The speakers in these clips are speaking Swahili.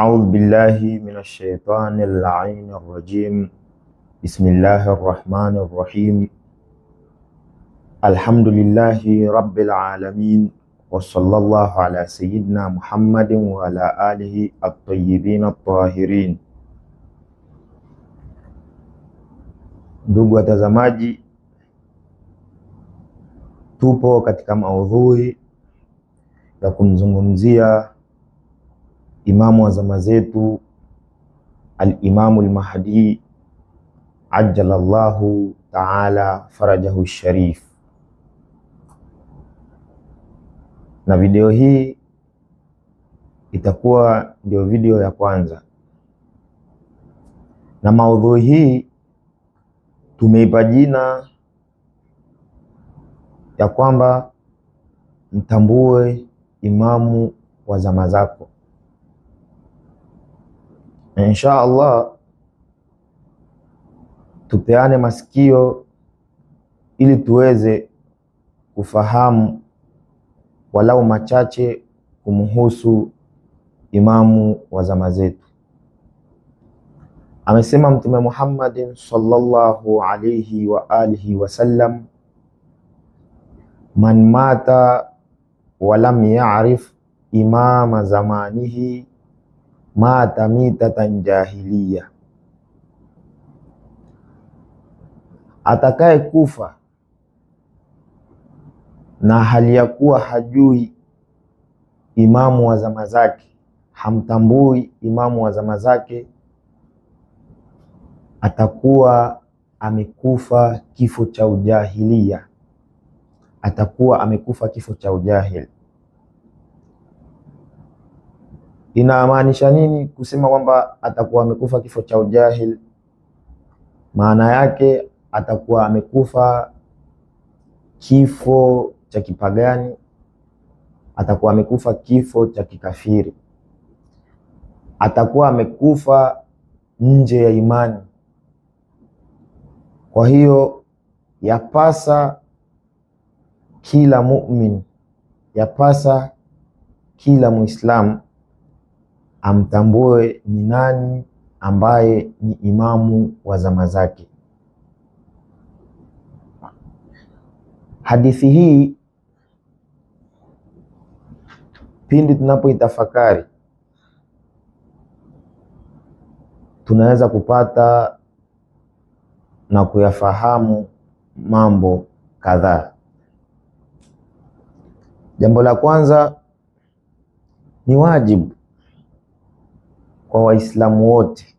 أعوذ بالله من الشيطان اللعين الرجيم بسم الله الرحمن الرحيم الحمد لله رب العالمين وصلى الله على سيدنا محمد وعلى آله الطيبين الطاهرين Ndugu watazamaji, tupo katika maudhui ya kumzungumzia imamu wa zama zetu Alimamu Almahdi ajjalallahu taala farajahu sharif. Na video hii itakuwa ndio video ya kwanza, na maudhui hii tumeipa jina ya kwamba mtambue imamu wa zama zako. Insha Allah tupeane masikio ili tuweze kufahamu walau machache kumhusu imamu wa zama zetu. Amesema Mtume Muhammadin sallallahu alayhi wa alihi wasallam, man mata walam yarif imama zamanihi mata mitatan jahilia, atakaye kufa na hali ya kuwa hajui imamu wa zama zake, hamtambui imamu wa zama zake, atakuwa amekufa kifo cha ujahilia, atakuwa amekufa kifo cha ujahili. Inamaanisha nini kusema kwamba atakuwa amekufa kifo cha ujahil? Maana yake atakuwa amekufa kifo cha kipagani, atakuwa amekufa kifo cha kikafiri, atakuwa amekufa nje ya imani. Kwa hiyo yapasa kila muumini, yapasa kila Muislamu amtambue ni nani ambaye ni imamu wa zama zake. Hadithi hii pindi tunapoitafakari tunaweza kupata na kuyafahamu mambo kadhaa. Jambo la kwanza ni wajibu kwa Waislamu wote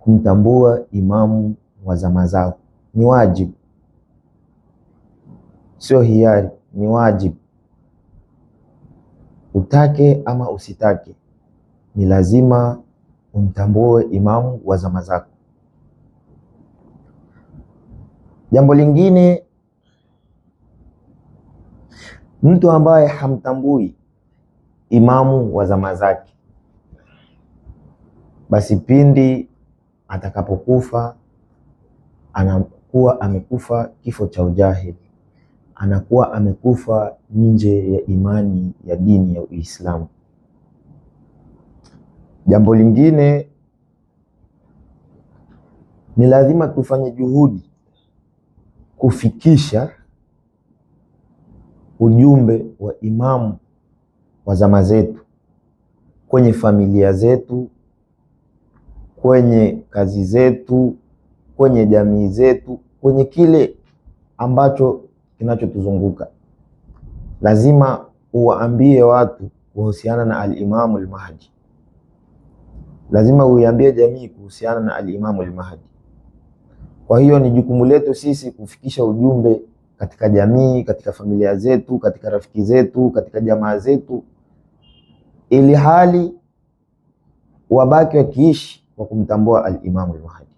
kumtambua imamu wa zama zao, ni wajibu, sio hiari, ni wajibu. Utake ama usitake, ni lazima umtambue imamu wa zama zako. Jambo lingine, mtu ambaye hamtambui imamu wa zama zake basi pindi atakapokufa anakuwa amekufa kifo cha ujahili, anakuwa amekufa nje ya imani ya dini ya Uislamu. Jambo lingine ni lazima tufanye juhudi kufikisha ujumbe wa imamu wa zama zetu kwenye familia zetu kwenye kazi zetu, kwenye jamii zetu, kwenye kile ambacho kinachotuzunguka. Lazima uwaambie watu kuhusiana na Alimamu Almahdi, lazima uiambie jamii kuhusiana na Alimamu Almahdi. Kwa hiyo ni jukumu letu sisi kufikisha ujumbe katika jamii, katika familia zetu, katika rafiki zetu, katika jamaa zetu, ili hali wabaki wakiishi wa kumtambua al-Imam al-Mahdi.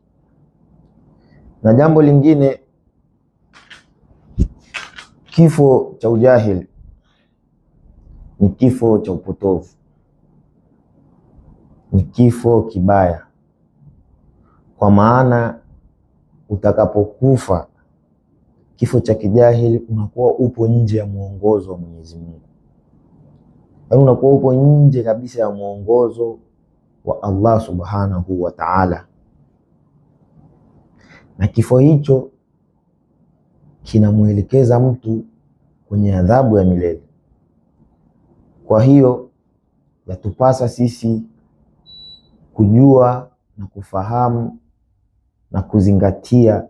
Na jambo lingine, kifo cha ujahili ni kifo cha upotovu, ni kifo kibaya, kwa maana utakapokufa kifo cha kijahili unakuwa upo nje ya mwongozo wa Mwenyezi Mungu, yaani unakuwa upo nje kabisa ya mwongozo wa Allah subhanahu wa ta'ala, na kifo hicho kinamwelekeza mtu kwenye adhabu ya milele. Kwa hiyo yatupasa sisi kujua na kufahamu na kuzingatia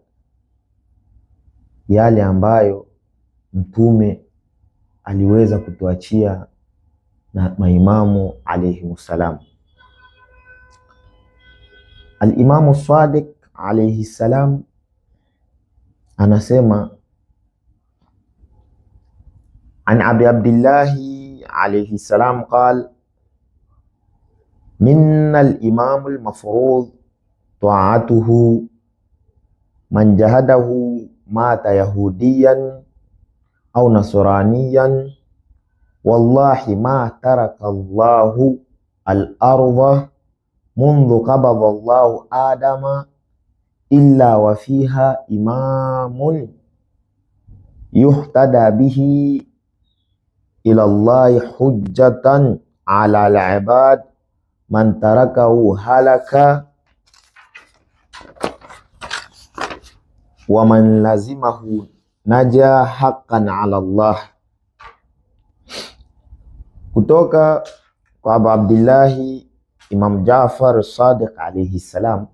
yale ambayo Mtume aliweza kutuachia na maimamu alayhimussalam. الإمام الصادق عليه السلام أنا سيما عن أبي عبد الله عليه السلام قال من الإمام المفروض طاعته من جهده مات يهوديا أو نصرانيا والله ما ترك الله الأرض منذ قبض الله آدم إلا وفيها إمام يهتدى به إلى الله حجة على العباد من تركه هلك ومن لزمه نجا حقا على الله كتوكا kwa عبد الله Imam jafar Sadiq alayhi salam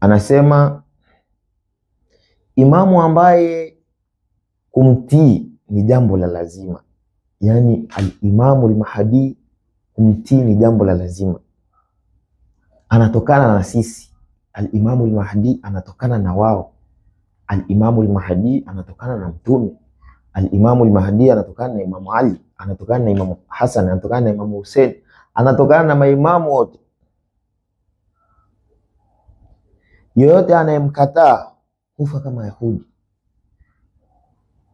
anasema imamu ambaye kumtii ni jambo la lazima, yani al-Imamu al-Mahdi kumtii ni jambo la lazima, anatokana na sisi. Al-Imamu al-Mahdi anatokana na wao, al-Imamu al-Mahdi anatokana na Mtume, al-Imamu al-Mahdi anatokana na Imamu Ali anatokana na Imamu Hasan, anatokana na Imamu Hussein, anatokana na maimamu wote. Yoyote anayemkataa hufa kama Yahudi.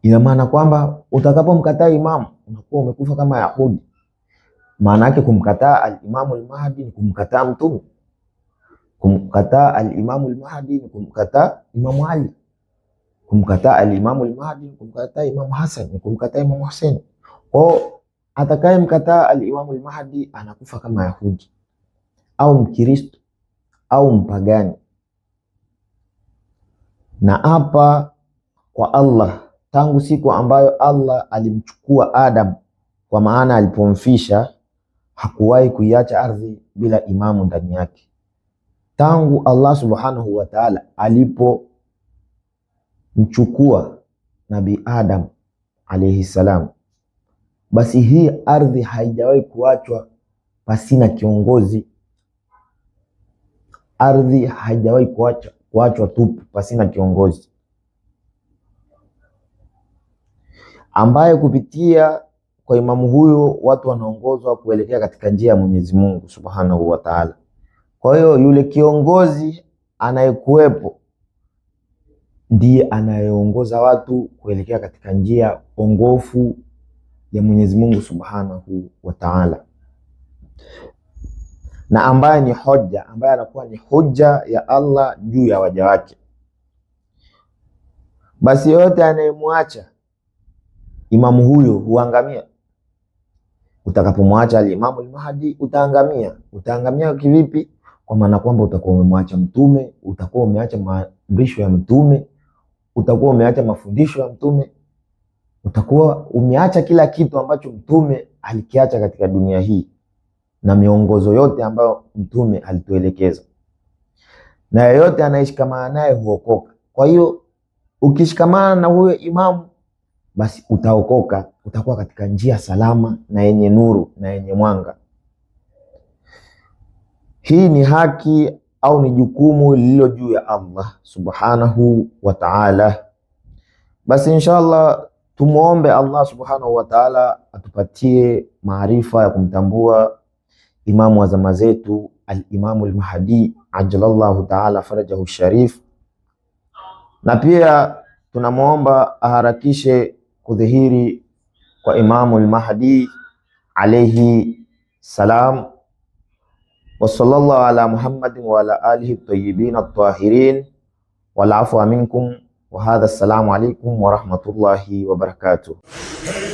Ina maana kwamba utakapomkataa imamu unakuwa umekufa kama Yahudi. Maana yake kumkataa al-Imamu al-Mahdi ni kumkataa Mtume, kumkataa al-Imamu al-Mahdi ni kumkataa Imamu Ali, kumkataa al-Imamu al-Mahdi ni kumkataa Imamu Hasan, ni kumkataa Imamu Hussein atakaye atakayemkataa al imam al-Mahdi anakufa kama Yahudi au Mkristo au mpagani. Na hapa kwa Allah, tangu siku ambayo Allah alimchukua Adam, kwa maana alipomfisha, hakuwahi kuiacha ardhi bila imamu ndani yake. Tangu Allah subhanahu wa ta'ala alipomchukua Nabii Adam alayhi salam basi hii ardhi haijawahi kuachwa pasina kiongozi. Ardhi haijawahi kuachwa kuachwa tupu pasina kiongozi ambaye kupitia kwa imamu huyo watu wanaongozwa kuelekea katika njia ya Mwenyezi Mungu Subhanahu wa Ta'ala. Kwa hiyo yule kiongozi anayekuwepo ndiye anayeongoza watu kuelekea katika njia ongofu ya Mwenyezi Mungu Subhanahu wa Ta'ala, na ambaye ni hoja, ambaye anakuwa ni hoja ya Allah juu ya waja wake. Basi yote anayemwacha imamu huyo huangamia. Utakapomwacha alimamu al utaangamia. Utaangamia kivipi? Kwa maana kwamba utakuwa umemwacha mtume, utakuwa umeacha maamrisho ya mtume, utakuwa umeacha mafundisho ya mtume utakuwa umeacha kila kitu ambacho mtume alikiacha katika dunia hii na miongozo yote ambayo mtume alituelekeza, na yeyote anayeshikamana naye huokoka. Kwa hiyo ukishikamana na huyo imamu, basi utaokoka, utakuwa katika njia salama na yenye nuru na yenye mwanga. Hii ni haki au ni jukumu lililo juu ya Allah subhanahu wa ta'ala. Basi inshallah Tumwombe Allah subhanahu wa ta'ala atupatie maarifa ya kumtambua imamu wa zama zetu al-Imamu al ajalallahu ta'ala farajahu sharif, na pia tunamwomba aharakishe kudhihiri kwa Imamu al-Mahdi alayhi salam. Wa sallallahu ala Muhammadin wa ala alihi tayyibin at-tahirin wal afwa minkum وهذا السلام عليكم ورحمة الله وبركاته